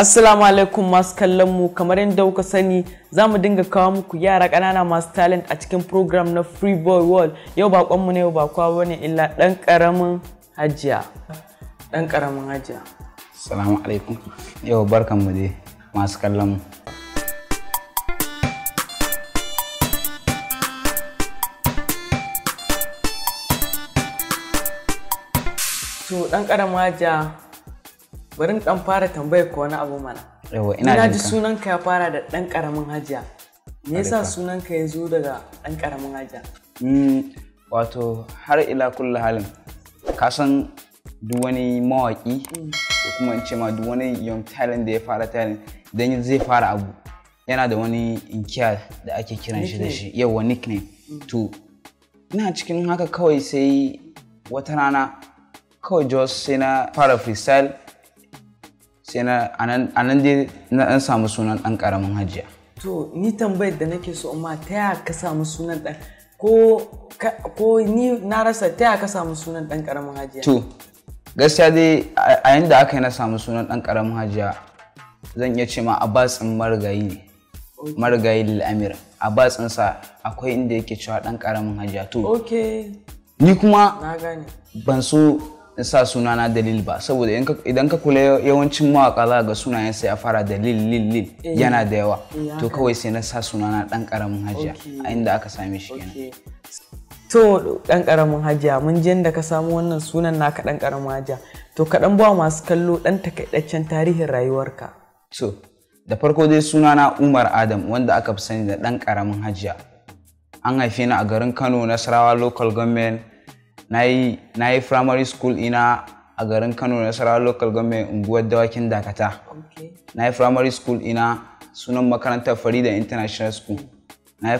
Assalamu alaikum masu kallon mu kamar yadda kuka sani za mu dinga kawo muku yara ƙanana masu talent a cikin program na Free Boy World yau bakon mu ne yau ba kowa illa dan karamin hajiya dan karamin hajiya Assalamu alaikum yau barkan mu dai masu kallon mu To dan karamin hajiya bari dan fara tambayar ko wani abu mana yawa ina ji sunan ka ya fara da dan karamin hajiya me yasa sunan ka ya zo daga dan karamin hajiya mm, wato har ila kulli halin ka san duk wani mawaki mm. ko kuma in ce ma duk wani young talent da ya fara talent dan zai fara abu yana da wani inkiya da ake kiran shi da shi yawa nickname mm. to ina cikin haka kawai sai wata rana kawai jos sai na fara freestyle sai na anan dai na dan samu sunan dan karamin hajiya to ni tambayar da nake so amma ta ya ka samu sunan dan ko ni na rasa ta ya ka samu sunan dan karamin hajiya to gaskiya dai a yanda aka yi na samu sunan dan karamin hajiya zan iya ce ma abbas in marigayi ne marigayi lil'amir abbas sa akwai inda yake cewa dan karamin hajiya to ni kuma ban so in sa suna na dalil ba saboda idan ka kula yawancin mawaka za ga sunayen sa ya fara da lil lil eh. yana da yawa eh, to kawai sai na sa suna na dan karamin hajiya a inda aka same shi kenan to dan karamin hajiya mun je da ka samu wannan sunan naka dan karamin hajiya to ka dan ba masu kallo dan takaitaccen tarihin rayuwarka so da farko dai suna na Umar Adam wanda aka fi sani da dan karamin hajiya an haife ni a garin Kano Nasarawa local government na yi primary school ina a garin kano nasara local government unguwar dawakin dakata na yi primary school ina sunan makarantar farida international school na yi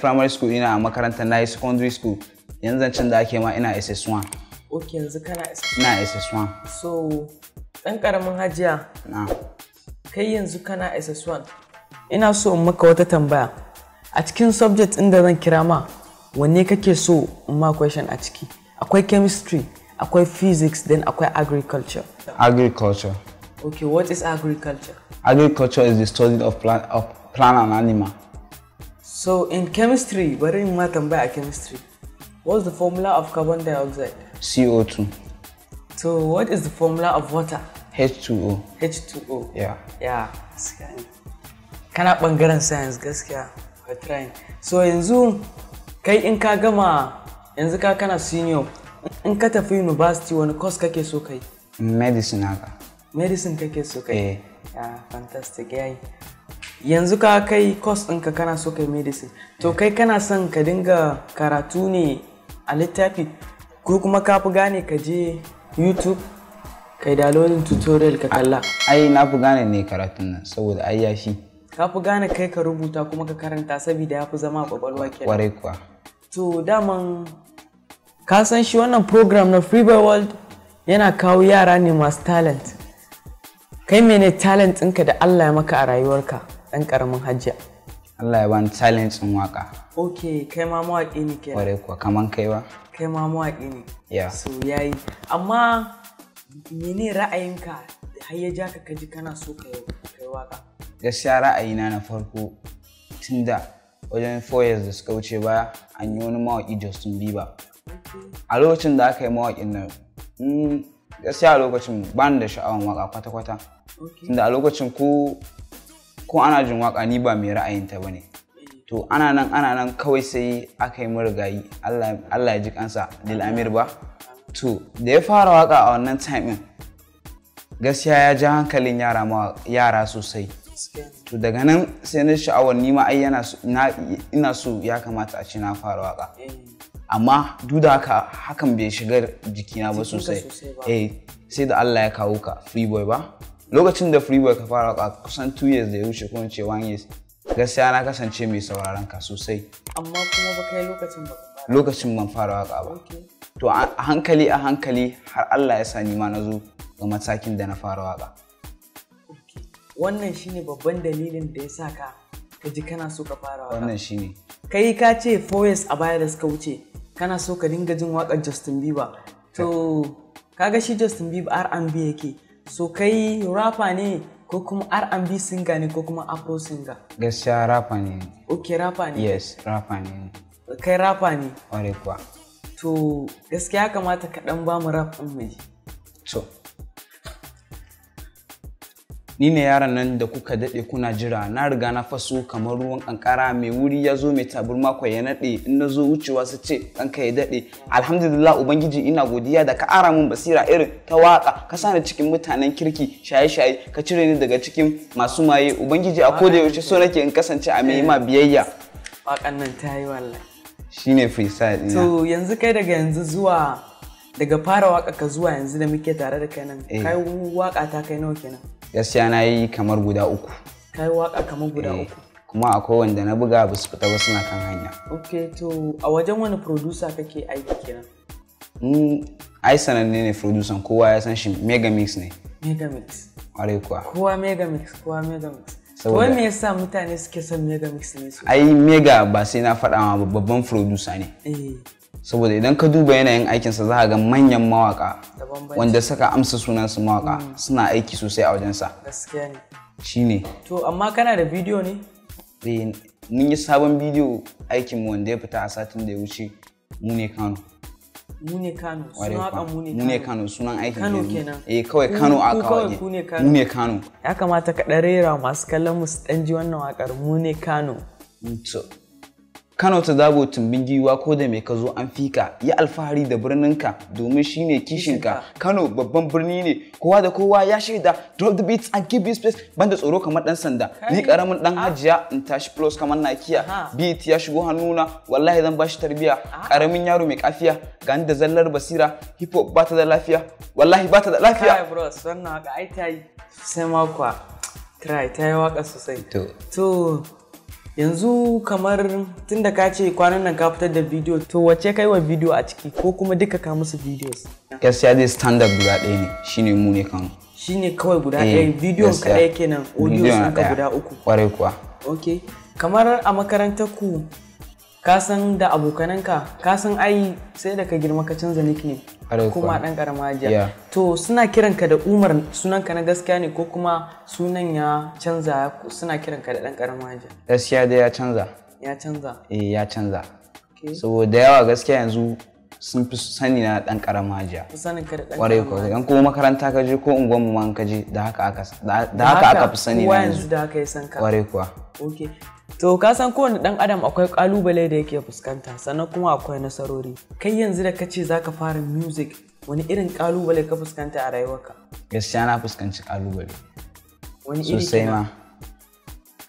primary school ina a makarantar na yi secondary school yanzu can da ake ma ina ss1 ok yanzu kana ss1 ina ss1 so dan karamin hajiya na kai yanzu kana ss1 ina so maka wata tambaya a cikin subject inda zan kira ma wanne kake so ma question a ciki akwai chemistry akwai physics then akwai agriculture agriculture okay what is agriculture agriculture is the study of plant of plant and animal so in chemistry bari in ma tambaya a chemistry what's the formula of carbon dioxide co2 so what is the formula of water h2o h2o yeah yeah kana bangaren science gaskiya we're trying so yanzu kai in ka gama yanzu ka kana senior in ka tafi university wani course kake so kai medicine haka medicine kake so kai eh yeah, fantastic yayi yanzu ka kai course ɗinka kana so kai medicine to eh. kai kana son ka dinga karatu ne a littafi ko kuma ka fi gane ka je youtube kai dalolin tutorial ka kalla ai na fi gane ne karatun nan saboda ai yashi ka fi gane kai ka rubuta kuma ka karanta saboda ya fi zama kwakwalwa kenan kwarai kuwa to daman ka san shi wannan program na freeway world yana kawo yara ne masu talent kai mene talent ɗinka da allah ya maka a rayuwarka ɗan ƙaramin hajjia allah ya bani talent ɗin waka ok kai ma mawaƙi ne kenan ware kuwa kaman kai ba kai ma mawaƙi ne Ya. so yayi amma mene ra'ayinka har ya ja ka kaji kana so ka yi waka gaskiya ra'ayina na farko tunda wajen foyers da suka wuce baya an yi wani mawaƙi Justin Bieber a lokacin da aka yi mawaƙin nan gaskiya a lokacin ban da sha'awan waka kwata-kwata tunda a lokacin ko ana jin waka ni ba mai ra'ayin ta bane to ana nan ana nan kawai sai aka yi marigayi Allah ya ji kansa Lil Amir ba to da ya fara waka a wannan time gaskiya ya ji hankalin yara sosai to daga nan sai na sha'awar ni ma ai ina so ya kamata a ce na fara waka eh. amma duk da haka hakan bai shiga jikina ba sosai eh sai da Allah ya kawo ka freeboy ba lokacin da freeboy ka fara waka kusan 2 years da ya wuce kuma ce 1 years gaskiya na kasance mai sauraron ka sosai amma kuma ba kai lokacin ba lokacin ban fara waka ba to a hankali a hankali har Allah ya sa ni ma na zo ga matakin da na fara waka wannan shine babban dalilin da ya sa ka ka ji kana so ka fara waka wannan shine kai ka ce four years a baya da suka wuce kana so ka dinga jin wakar Justin Bieber to kaga shi Justin Bieber R&B yake so kai rapper ne ko kuma R&B singer ne ko kuma Afro singer gaskiya rapper ne okay rapper ne yes rapper ne kai rapper ne ƙwarai kuwa to gaskiya kamata ka dan ba mu rap din mai to ni ne yaran nan da kuka daɗe kuna jira na riga na faso kamar ruwan kankara mai wuri ya zo mai taburma kwa ya naɗe in na zo wucewa su ce ɗanka ya daɗe alhamdulillah ubangiji ina godiya da ka ara min basira irin ta waka ka sani cikin mutanen kirki shaye-shaye ka cire ni daga cikin masu maye ubangiji a koda yaushe so nake in kasance a mai ma biyayya wakan nan ta yi wallahi shine freestyle ɗina to yanzu kai daga yanzu zuwa daga fara waka ka zuwa yanzu da muke tare da kai nan eh. kai waka ta kai nawa kenan gaskiya na yi kamar guda uku kai waka kamar guda eh, uku kuma akwai wanda na buga ba su fita ba suna kan hanya ok to a wajen wani producer kake aiki kenan mm, ai sananne ne producer kowa ya san shi megamix ne megamix ƙwarai kuwa kowa mix, kowa megamix saboda wai me yasa mutane suke son mega mix ne su ai mega ba sai na faɗa ma babban producer ne eh. saboda idan ka duba yanayin aikinsa za a ga manyan mawaka wanda suka amsa sunansu mawaka mm. suna aiki sosai a wajensa shi ne shine to amma kana da bidiyo ne eh, mun yi sabon bidiyo aikin mu wanda ya fita a satin da ya wuce mune Kano mune Kano sunan Kano sunan aikin Kano kenan eh kawai Kano a kawai mune Kano ya kamata ka ɗarera masu kallon mu su ji wannan wakar mune Kano mm, Kano ta zabo tumbin giwa ko da mai ka zo an fika yi alfahari da birninka domin shine kishin ka Kano babban birni ne kowa da kowa ya shaida drop the beats and give me space banda tsoro kamar dan sanda ni karamin dan hajiya ah. in tashi plus kamar nakiya beat ya shigo hannuna wallahi zan bashi tarbiya karamin ah. yaro mai kafiya gani da zallar basira hip hop bata da lafiya wallahi bata da lafiya kai bros wannan haka ai tayi sai makwa try yi waka sosai to yanzu kamar tun da ka ce kwanan nan ka fitar da bidiyo to wace kai wa bidiyo a ciki ko kuma duka ka musu videos gaskiya dai standard guda ɗaya ne shine mu ne kan shine kawai guda eh, ɗaya bidiyo ka ɗaya kenan audio sun ka guda uku kwarai kuwa ok kamar a makarantar ku ka san da abokananka ka san ai sai da ka girma ka canza nickname kuma dan karama hajiya to suna kiranka da umar sunanka na gaskiya ne ko kuma sunan ya canza suna kiranka da dan karama jiya. gaskiya da ya canza ya canza eh ya canza saboda yawa gaskiya yanzu sun fi sani na dan karama jiya kwarai ko kan kuma makaranta ka je ko unguwar mu ka je da haka aka da haka aka fi sani na yanzu da haka ya san ka kuwa okay To ka san kowane ɗan adam akwai ƙalubale da yake fuskanta sannan kuma akwai nasarori. Kai yanzu da kace zaka fara music wani irin ƙalubale ka fuskanta a rayuwarka? Gaskiya na fuskanci ƙalubale. Wani irin Sosai ma.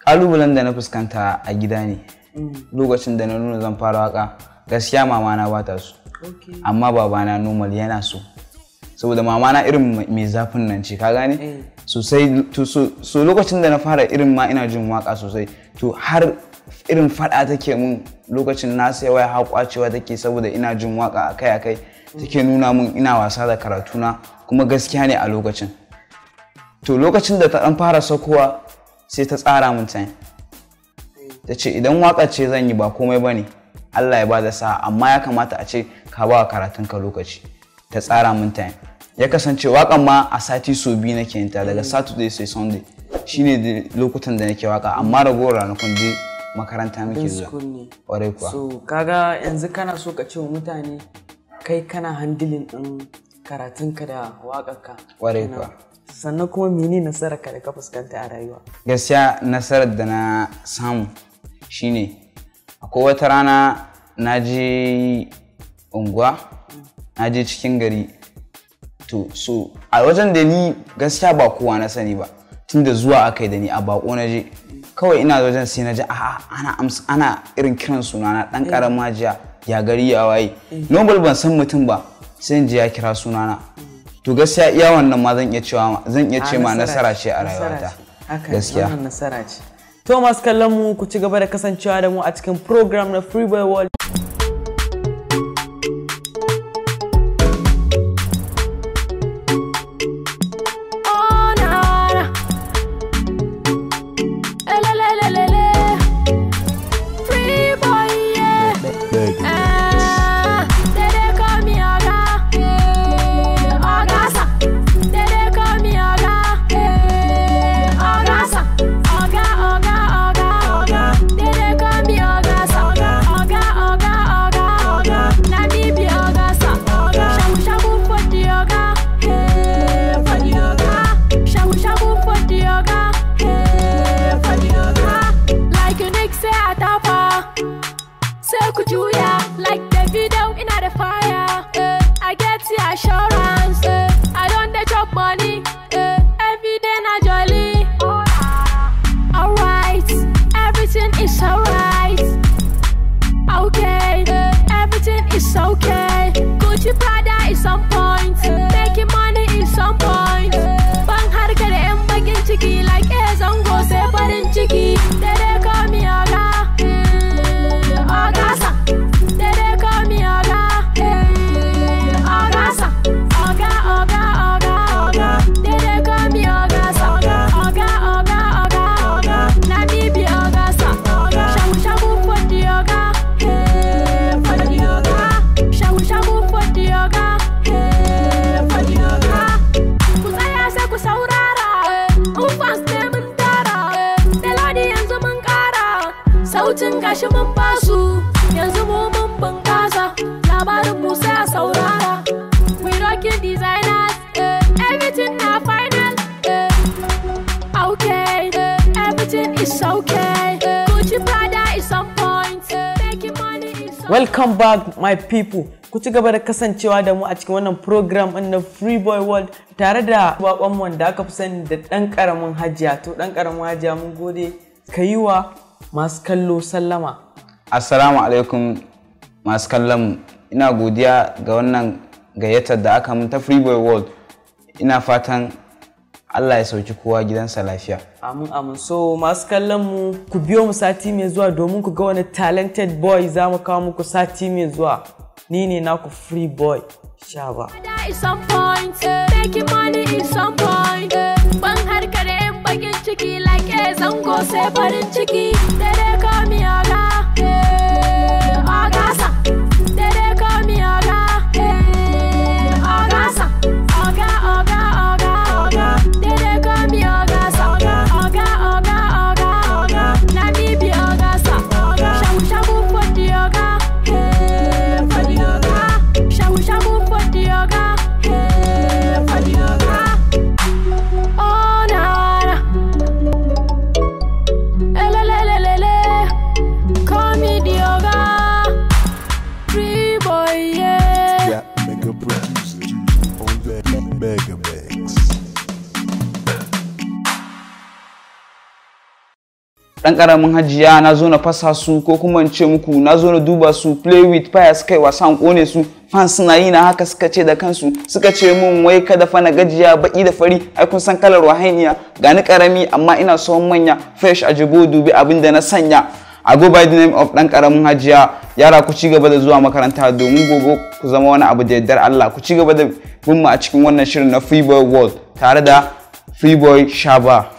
Ƙalubalen da na fuskanta a gida ne. Mm. Lokacin da na nuna zan fara waka gaskiya mama na ba ta so. Amma babana normal yana so. Saboda mama na irin mai zafin nan ce ka gane? Eh. sosai so lokacin da na fara irin ma ina jin waka sosai to har irin fada take mun lokacin na sai waya kwacewa take saboda ina jin waka akai akai take nuna mun ina wasa da karatuna kuma gaskiya ne a lokacin to lokacin da ta dan fara sakowa sai ta tsara mun time ta ce idan waka ce zan yi ba komai bane Allah ya ba da sa'a amma ya kamata a ce ka ba karatunka lokaci ta tsara mun time ya kasance waƙan ma a sati so biyu nake yin daga saturday sai sunday shine da lokutan da nake waka amma ragowar ranakun dai makaranta muke zuwa ƙwarai kuwa so kaga yanzu kana so ka ce wa mutane kai kana handilin din karatunka da waƙarka ƙwarai kuwa sannan kuma mini nasarar ka da ka fuskanta a rayuwa gaskiya nasarar da na samu shine akwai wata rana na je unguwa na je cikin gari to so a wajen da ni gaskiya ba kowa na sani ba tun da zuwa aka yi da ni a bako na je kawai ina wajen sai na ji a ana ana irin kiran sunana dan karama jiya ya gari ya waye nobel ban san mutum ba sai ji ya kira sunana to gaskiya iya wannan ma zan iya cewa zan iya ce ma nasara ce a rayuwata gaskiya nasara ce to masu kallon mu ku ci gaba da kasancewa da mu a cikin program na freeway world nasu yanzu mu mun bunkasa labarin mu sai a saurara we rocking designers eh, everything na final eh, okay eh, everything is okay eh. Gucci Prada is on point eh. making money is on welcome back my people ku ci gaba da kasancewa da mu a cikin wannan program na free boy world tare da bakon wanda aka fi sani da dan karamin hajiya to dan karamin hajiya mun gode ka yi wa masu kallo sallama Assalamu alaikum masu kallon ina godiya ga wannan gayyatar da aka mun ta Freeboy World. Ina fatan Allah ya sauki kowa gidansa lafiya. Amin amin so masu kallon mu ku biyo mu sati mai zuwa domin ku ga wani talented boy za mu kawo muku sati mai zuwa. Ni ne naku free boy shaba. Ban harkar 'yan bakin ciki like eh, zango sai farin ciki dare dan karamin hajiya na zo na fasa su ko kuma in ce muku na zo na duba su play with fire suka wasan kone su fans suna yi na haka suka ce da kansu suka ce mun wai kada fa na gajiya baki da fari ai kun san kalar wahainiya gani karami amma ina son manya fresh a jibo dubi abin da na sanya a go by the name of dan karamin hajiya yara ku ci gaba da zuwa makaranta domin gobe ku zama wani abu da yardar Allah ku ci gaba da bin a cikin wannan shirin na Freeboy World tare da Freeboy Shaba